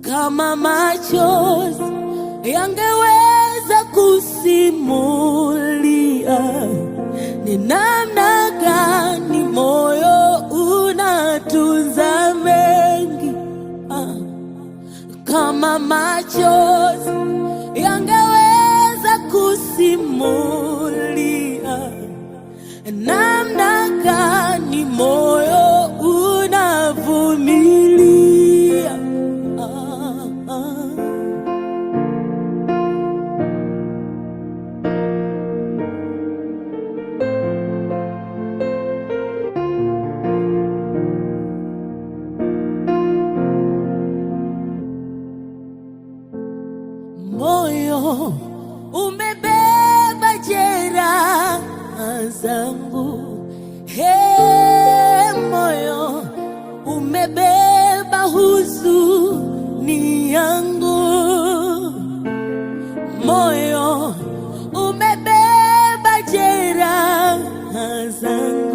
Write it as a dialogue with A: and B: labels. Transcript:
A: Kama machozi yangeweza kusimulia ni namna gani moyo unatunza mengi, ah, kama machozi yangeweza kusimulia namna
B: moyo umebeba jeraha zangu, he, moyo umebeba huzuni yangu, moyo umebeba jeraha zangu